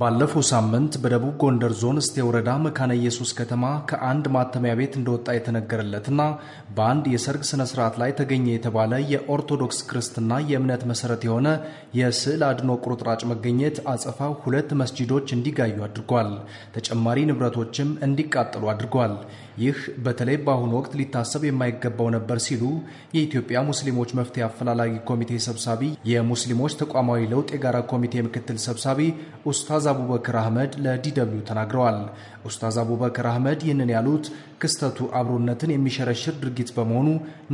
ባለፈው ሳምንት በደቡብ ጎንደር ዞን እስቴ ወረዳ መካነ ኢየሱስ ከተማ ከአንድ ማተሚያ ቤት እንደወጣ የተነገረለትና በአንድ የሰርግ ስነ ስርዓት ላይ ተገኘ የተባለ የኦርቶዶክስ ክርስትና የእምነት መሰረት የሆነ የስዕል አድኖ ቁርጥራጭ መገኘት አጸፋ ሁለት መስጂዶች እንዲጋዩ አድርጓል። ተጨማሪ ንብረቶችም እንዲቃጠሉ አድርጓል። ይህ በተለይ በአሁኑ ወቅት ሊታሰብ የማይገባው ነበር ሲሉ የኢትዮጵያ ሙስሊሞች መፍትሄ አፈላላጊ ኮሚቴ ሰብሳቢ፣ የሙስሊሞች ተቋማዊ ለውጥ የጋራ ኮሚቴ ምክትል ሰብሳቢ ስ። ኡስታዝ አቡበክር አህመድ ለዲደብሊው ተናግረዋል። ኡስታዝ አቡበክር አህመድ ይህንን ያሉት ክስተቱ አብሮነትን የሚሸረሽር ድርጊት በመሆኑ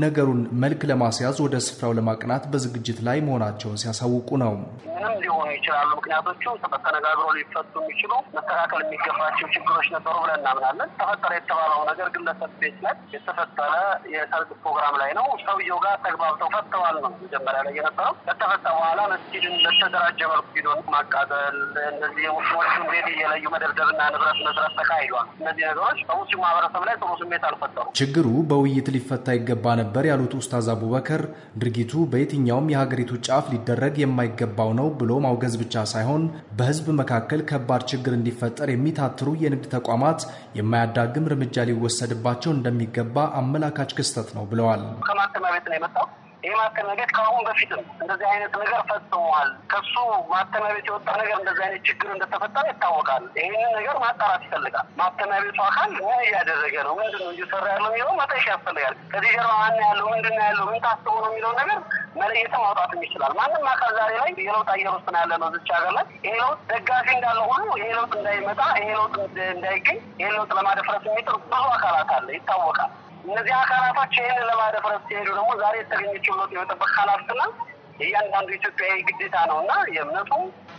ነገሩን መልክ ለማስያዝ ወደ ስፍራው ለማቅናት በዝግጅት ላይ መሆናቸውን ሲያሳውቁ ነው። ምንም ሊሆኑ ይችላሉ ምክንያቶቹ ተነጋግሮ ሊፈቱ የሚችሉ መስተካከል የሚገባቸው ችግሮች ነበሩ ብለን እናምናለን። ተፈጠረ የተባለው ነገር ግለሰብ ቤት ላይ የተፈጠረ የሰርግ ፕሮግራም ላይ ነው። ሰውየው ጋር ተግባብተው ፈተዋል ነው መጀመሪያ ላይ የነበረው። ከተፈታ በኋላ መስጊድን በተደራጀ መልኩ ሂዶ ማቃጠል እንደዚህ የውሾቹን ቤት እየለዩ መደብደብና ንብረት ተካሂዷል። እነዚህ ነገሮች በሙስሊም ማህበረሰብ ላይ ጥሩ ስሜት አልፈጠሩም። ችግሩ በውይይት ሊፈታ ይገባ ነበር ያሉት ኡስታዝ አቡበከር ድርጊቱ በየትኛውም የሀገሪቱ ጫፍ ሊደረግ የማይገባው ነው ብሎ ማውገዝ ብቻ ሳይሆን በህዝብ መካከል ከባድ ችግር እንዲፈጠር የሚታትሩ የንግድ ተቋማት የማያዳግም እርምጃ ሊወሰድባቸው እንደሚገባ አመላካች ክስተት ነው ብለዋል። ከማተሚያ ቤት ነው የመጣው ይህ ማተሚያ ቤት ከአሁን በፊትም እንደዚህ አይነት ነገር ፈጽሟል። ከሱ ማተሚያ ቤት የወጣ ነገር እንደዚህ አይነት ችግር እንደተፈጠረ ይታወቃል። ይህንን ነገር ማጣራት ይፈልጋል። ማተሚያ ቤቱ አካል ምን እያደረገ ነው፣ ምንድን ነው እየሰራ ያለው የሚለው መጠየቅ ያስፈልጋል። ከዚህ ጀርባ ማን ያለው፣ ምንድን ያለው፣ ምን ታስቦ ነው የሚለው ነገር መለየትም ማውጣትም ይችላል። ማንም አካል ዛሬ ላይ ይሄ ለውጥ አየር ውስጥ ነው ያለ ነው ዝች ሀገር ላይ ይሄ ለውጥ ደጋፊ እንዳለ ሁሉ ይሄ ለውጥ እንዳይመጣ፣ ይሄ ለውጥ እንዳይገኝ፣ ይሄ ለውጥ ለማደፍረስ የሚጥር ብዙ አካላት አለ ይታወቃል። እነዚህ አካላቶች ይህን ለማደፍረስ ሲሄዱ ደግሞ ዛሬ የተገኘችው እምነቱ የመጠበቅ ኃላፊነትና እያንዳንዱ ኢትዮጵያዊ ግዴታ ነው እና የእምነቱ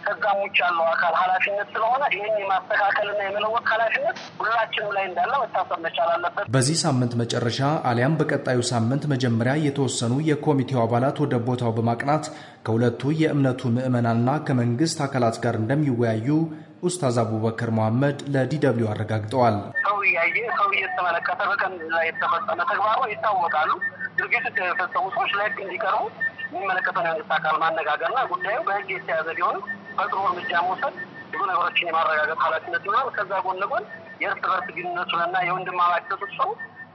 ከዛም ውጭ ያለው አካል ኃላፊነት ስለሆነ ይህን የማስተካከልና የመለወቅ ኃላፊነት ሁላችንም ላይ እንዳለ መታሰብ መቻል አለበት። በዚህ ሳምንት መጨረሻ አሊያም በቀጣዩ ሳምንት መጀመሪያ የተወሰኑ የኮሚቴው አባላት ወደ ቦታው በማቅናት ከሁለቱ የእምነቱ ምዕመናንና ከመንግስት አካላት ጋር እንደሚወያዩ ኡስታዝ አቡበከር መሐመድ ለዲደብሊው አረጋግጠዋል። ሰው እያየ ሰው እየተመለከተ በቀን ላይ የተፈጸመ ተግባሩ ይታወቃሉ። ድርጊት የፈጸሙ ሰዎች ለህግ እንዲቀርቡ የሚመለከተው የመንግስት አካል ማነጋገርና ጉዳዩ በህግ የተያዘ ቢሆን ፈጥሮ እርምጃ መውሰድ ብዙ ነገሮችን የማረጋገጥ ኃላፊነት ይሆናል። ከዛ ጎን ለጎን የእርስ በርስ ግንኙነቱንና የወንድማማችነቱን ሰው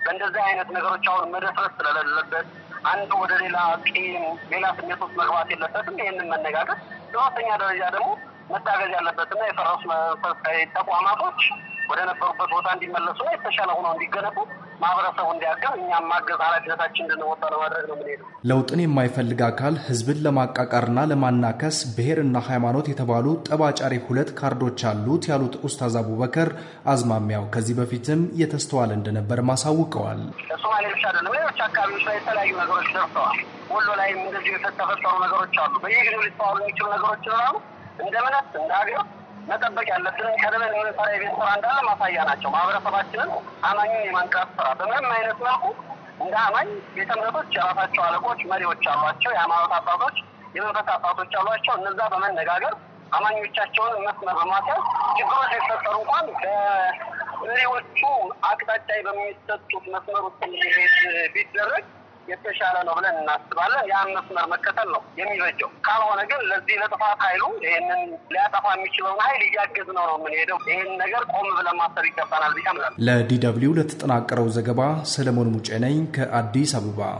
በእንደዚህ አይነት ነገሮች አሁን መደፍረስ ስለሌለበት አንዱ ወደ ሌላ ቂም፣ ሌላ ስሜት ውስጥ መግባት የለበትም። ይህንን መነጋገር በሁለተኛ ደረጃ ደግሞ መታገዝ ያለበትና የፈረሱ መንፈሳዊ ተቋማቶች ወደ ነበሩበት ቦታ እንዲመለሱና የተሻለ ሆነው እንዲገነቡ ማህበረሰቡ እንዲያገም እኛም ማገዝ ኃላፊነታችን እንድንወጣ ለማድረግ ነው የምንሄደው። ለውጥን የማይፈልግ አካል ህዝብን ለማቃቃርና ለማናከስ ብሔርና ሃይማኖት የተባሉ ጠባጫሪ ሁለት ካርዶች አሉት ያሉት ኡስታዝ አቡበከር አዝማሚያው ከዚህ በፊትም የተስተዋለ እንደነበር ማሳውቀዋል። ሶማሌ ብቻ አይደለም፣ ሌሎች አካባቢዎች ላይ የተለያዩ ነገሮች ደርሰዋል። ወሎ ላይም እንደዚህ የተፈጠሩ ነገሮች አሉ። በየጊዜው ሊተዋሉ የሚችሉ ነገሮች ይኖራሉ። እንደምነት እንደ ሀገር መጠበቅ ያለብን ከደበል የምንሰራ የቤት ስራ እንዳለ ማሳያ ናቸው። ማህበረሰባችንን አማኝን የማንቃት ስራ በምንም አይነት መልኩ እንደ አማኝ ቤተ እምነቶች የራሳቸው አለቆች፣ መሪዎች አሏቸው። የሃይማኖት አባቶች፣ የመንፈስ አባቶች አሏቸው። እነዛ በመነጋገር አማኞቻቸውን መስመር በማስያዝ ችግሮች ሊፈጠሩ እንኳን በመሪዎቹ አቅጣጫ በሚሰጡት መስመር ውስጥ ቢደረግ የተሻለ ነው ብለን እናስባለን። ያን መስመር መከተል ነው የሚበጀው። ካልሆነ ግን ለዚህ ለጥፋት ኃይሉ ይህንን ሊያጠፋ የሚችለውን ኃይል እያገዝ ነው ነው የምንሄደው። ይህን ነገር ቆም ብለን ማሰብ ይገባናል ብዬ አምናለሁ። ለዲ ደብልዩ ለተጠናቀረው ዘገባ ሰለሞን ሙጬ ነኝ ከአዲስ አበባ።